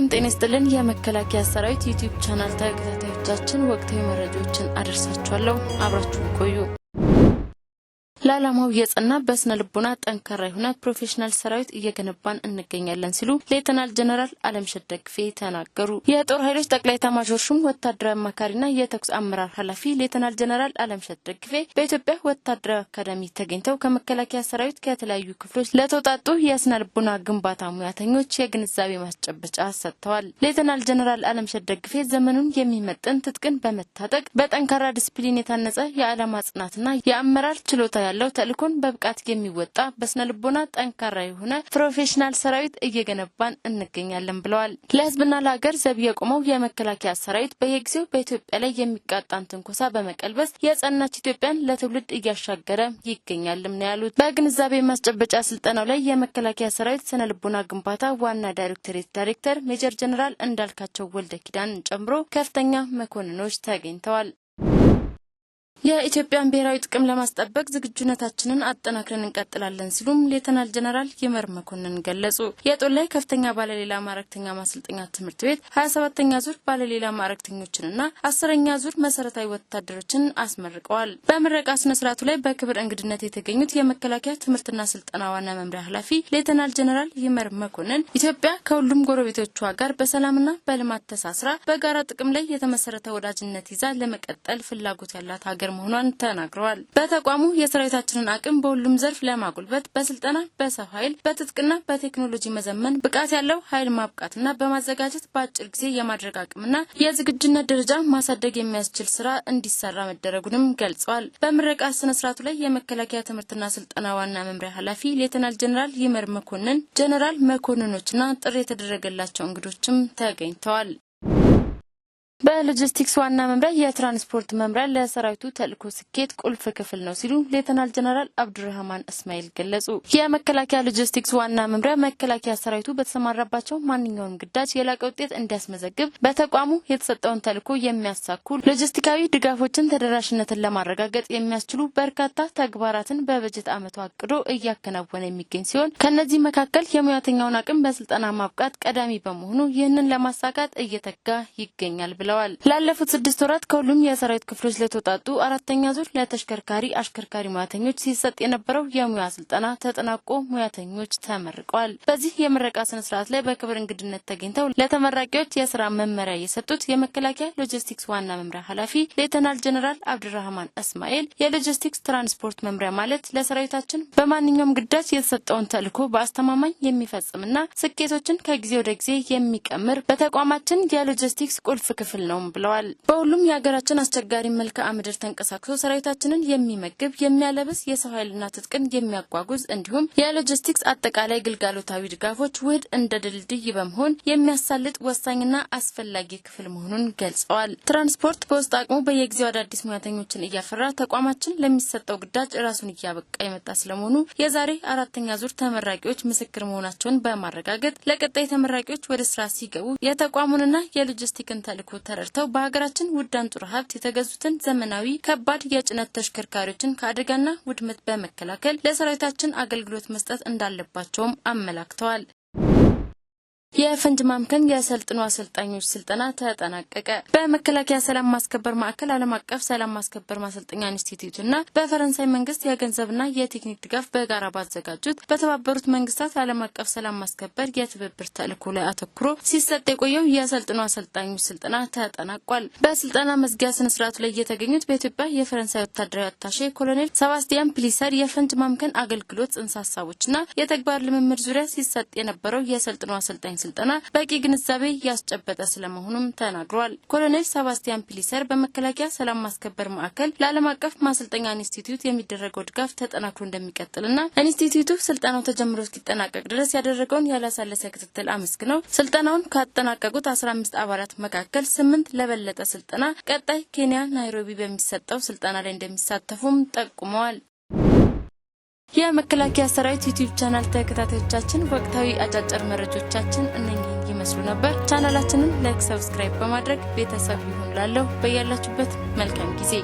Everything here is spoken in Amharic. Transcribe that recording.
ሰላም ጤና ይስጥልን። የመከላከያ ሰራዊት ዩቲዩብ ቻናል ተከታታዮቻችን ወቅታዊ መረጃዎችን አደርሳችኋለሁ። አብራችሁን ቆዩ። ለዓላማው የጸና በስነ ልቦና ጠንካራ የሆነ ፕሮፌሽናል ሰራዊት እየገነባን እንገኛለን ሲሉ ሌተናል ጀነራል አለም ደግፌ ተናገሩ። የጦር ኃይሎች ጠቅላይ ኤታማዦር ሹም ወታደራዊ አማካሪና የተኩስ አመራር ኃላፊ ሌተናል ጀነራል አለም ደግፌ በኢትዮጵያ ወታደራዊ አካዳሚ ተገኝተው ከመከላከያ ሰራዊት ከተለያዩ ክፍሎች ለተውጣጡ የስነ ልቦና ግንባታ ሙያተኞች የግንዛቤ ማስጨበጫ ሰጥተዋል። ሌተናል ጀነራል አለም ሸደግፌ ዘመኑን የሚመጥን ትጥቅን በመታጠቅ በጠንካራ ዲስፕሊን የታነጸ የዓላማ ጽናትና የአመራር ችሎታ ያለ ያለው ተልእኮን በብቃት የሚወጣ በስነ ልቦና ጠንካራ የሆነ ፕሮፌሽናል ሰራዊት እየገነባን እንገኛለን ብለዋል። ለህዝብና ለሀገር ዘብ የቆመው የመከላከያ ሰራዊት በየጊዜው በኢትዮጵያ ላይ የሚቃጣን ትንኮሳ በመቀልበስ የጸናች ኢትዮጵያን ለትውልድ እያሻገረ ይገኛልም ነው ያሉት። በግንዛቤ ማስጨበጫ ስልጠናው ላይ የመከላከያ ሰራዊት ስነ ልቦና ግንባታ ዋና ዳይሬክቶሬት ዳይሬክተር ሜጀር ጀኔራል እንዳልካቸው ወልደ ኪዳንን ጨምሮ ከፍተኛ መኮንኖች ተገኝተዋል። የኢትዮጵያን ብሔራዊ ጥቅም ለማስጠበቅ ዝግጁነታችንን አጠናክረን እንቀጥላለን ሲሉም ሌተናል ጀነራል ይመር መኮንን ገለጹ። የጦር ላይ ከፍተኛ ባለሌላ ማዕረግተኛ ማሰልጠኛ ትምህርት ቤት ሀያ ሰባተኛ ዙር ባለሌላ ማዕረግተኞችንና አስረኛ ዙር መሰረታዊ ወታደሮችን አስመርቀዋል። በምረቃ ስነ ስርዓቱ ላይ በክብር እንግድነት የተገኙት የመከላከያ ትምህርትና ስልጠና ዋና መምሪያ ኃላፊ ሌተናል ጀነራል ይመር መኮንን ኢትዮጵያ ከሁሉም ጎረቤቶቿ ጋር በሰላምና በልማት ተሳስራ በጋራ ጥቅም ላይ የተመሰረተ ወዳጅነት ይዛ ለመቀጠል ፍላጎት ያላት ሀገር ነገር መሆኗን ተናግረዋል። በተቋሙ የሰራዊታችንን አቅም በሁሉም ዘርፍ ለማጎልበት በስልጠና፣ በሰው ኃይል፣ በትጥቅና በቴክኖሎጂ መዘመን፣ ብቃት ያለው ኃይል ማብቃትና በማዘጋጀት በአጭር ጊዜ የማድረግ አቅምና የዝግጁነት ደረጃ ማሳደግ የሚያስችል ስራ እንዲሰራ መደረጉንም ገልጸዋል። በምረቃ ስነ ስርዓቱ ላይ የመከላከያ ትምህርትና ስልጠና ዋና መምሪያ ኃላፊ ሌተናል ጀኔራል ይመር መኮንን፣ ጀኔራል መኮንኖችና ጥሪ የተደረገላቸው እንግዶችም ተገኝተዋል። በሎጂስቲክስ ዋና መምሪያ የትራንስፖርት መምሪያ ለሰራዊቱ ተልእኮ ስኬት ቁልፍ ክፍል ነው ሲሉ ሌተናል ጀነራል አብዱረህማን እስማኤል ገለጹ። የመከላከያ ሎጂስቲክስ ዋና መምሪያ መከላከያ ሰራዊቱ በተሰማራባቸው ማንኛውም ግዳጅ የላቀ ውጤት እንዲያስመዘግብ በተቋሙ የተሰጠውን ተልእኮ የሚያሳኩ ሎጂስቲካዊ ድጋፎችን ተደራሽነትን ለማረጋገጥ የሚያስችሉ በርካታ ተግባራትን በበጀት ዓመቱ አቅዶ እያከናወነ የሚገኝ ሲሆን ከእነዚህ መካከል የሙያተኛውን አቅም በስልጠና ማብቃት ቀዳሚ በመሆኑ ይህንን ለማሳካት እየተጋ ይገኛል ብለዋል። ገልጸዋል። ላለፉት ስድስት ወራት ከሁሉም የሰራዊት ክፍሎች ለተውጣጡ አራተኛ ዙር ለተሽከርካሪ አሽከርካሪ ሙያተኞች ሲሰጥ የነበረው የሙያ ስልጠና ተጠናቆ ሙያተኞች ተመርቀዋል። በዚህ የምረቃ ስነ ስርዓት ላይ በክብር እንግድነት ተገኝተው ለተመራቂዎች የስራ መመሪያ የሰጡት የመከላከያ ሎጂስቲክስ ዋና መምሪያ ኃላፊ ሌተናል ጀኔራል አብድራህማን እስማኤል የሎጂስቲክስ ትራንስፖርት መምሪያ ማለት ለሰራዊታችን በማንኛውም ግዳጅ የተሰጠውን ተልዕኮ በአስተማማኝ የሚፈጽምና ስኬቶችን ከጊዜ ወደ ጊዜ የሚቀምር በተቋማችን የሎጂስቲክስ ቁልፍ ክፍል ነው ነው ብለዋል። በሁሉም የሀገራችን አስቸጋሪ መልክዓ ምድር ተንቀሳቅሶ ሰራዊታችንን የሚመግብ የሚያለብስ፣ የሰው ኃይልና ትጥቅን የሚያጓጉዝ እንዲሁም የሎጂስቲክስ አጠቃላይ ግልጋሎታዊ ድጋፎች ውህድ እንደ ድልድይ በመሆን የሚያሳልጥ ወሳኝና አስፈላጊ ክፍል መሆኑን ገልጸዋል። ትራንስፖርት በውስጥ አቅሙ በየጊዜው አዳዲስ ሙያተኞችን እያፈራ ተቋማችን ለሚሰጠው ግዳጅ ራሱን እያበቃ የመጣ ስለመሆኑ የዛሬ አራተኛ ዙር ተመራቂዎች ምስክር መሆናቸውን በማረጋገጥ ለቀጣይ ተመራቂዎች ወደ ስራ ሲገቡ የተቋሙንና የሎጂስቲክን ተልዕኮ ተረ ተረድተው በሀገራችን ውድ አንጡረ ሀብት የተገዙትን ዘመናዊ ከባድ የጭነት ተሽከርካሪዎችን ከአደጋና ውድመት በመከላከል ለሰራዊታችን አገልግሎት መስጠት እንዳለባቸውም አመላክተዋል። የፈንጅ ማምከን የሰልጥኑ አሰልጣኞች ስልጠና ተጠናቀቀ። በመከላከያ ሰላም ማስከበር ማዕከል ዓለም አቀፍ ሰላም ማስከበር ማሰልጠኛ ኢንስቲትዩት እና በፈረንሳይ መንግስት የገንዘብና የቴክኒክ ድጋፍ በጋራ ባዘጋጁት በተባበሩት መንግስታት ዓለም አቀፍ ሰላም ማስከበር የትብብር ተልዕኮ ላይ አተኩሮ ሲሰጥ የቆየው የሰልጥኑ አሰልጣኞች ስልጠና ተጠናቋል። በስልጠና መዝጊያ ስነስርዓቱ ላይ የተገኙት በኢትዮጵያ የፈረንሳይ ወታደራዊ አታሼ ኮሎኔል ሰባስቲያን ፕሊሰር የፈንጅ ማምከን አገልግሎት ጽንሰ ሀሳቦችና የተግባር ልምምድ ዙሪያ ሲሰጥ የነበረው የሰልጥኑ አሰልጣኝ ስልጠና በቂ ግንዛቤ ያስጨበጠ ስለመሆኑም ተናግሯል። ኮሎኔል ሰባስቲያን ፒሊሰር በመከላከያ ሰላም ማስከበር ማዕከል ለዓለም አቀፍ ማሰልጠኛ ኢንስቲትዩት የሚደረገው ድጋፍ ተጠናክሮ እንደሚቀጥልና ኢንስቲትዩቱ ስልጠናው ተጀምሮ እስኪጠናቀቅ ድረስ ያደረገውን ያላሳለሰ ክትትል አመስግነው ስልጠናውን ካጠናቀቁት አስራ አምስት አባላት መካከል ስምንት ለበለጠ ስልጠና ቀጣይ ኬንያ ናይሮቢ በሚሰጠው ስልጠና ላይ እንደሚሳተፉም ጠቁመዋል። የመከላከያ ሰራዊት ዩቲዩብ ቻናል ተከታታዮቻችን ወቅታዊ አጫጭር መረጃዎቻችን እነኚህ ይመስሉ ነበር። ቻናላችንን ላይክ፣ ሰብስክራይብ በማድረግ ቤተሰብ ይሁን ላለው በያላችሁበት መልካም ጊዜ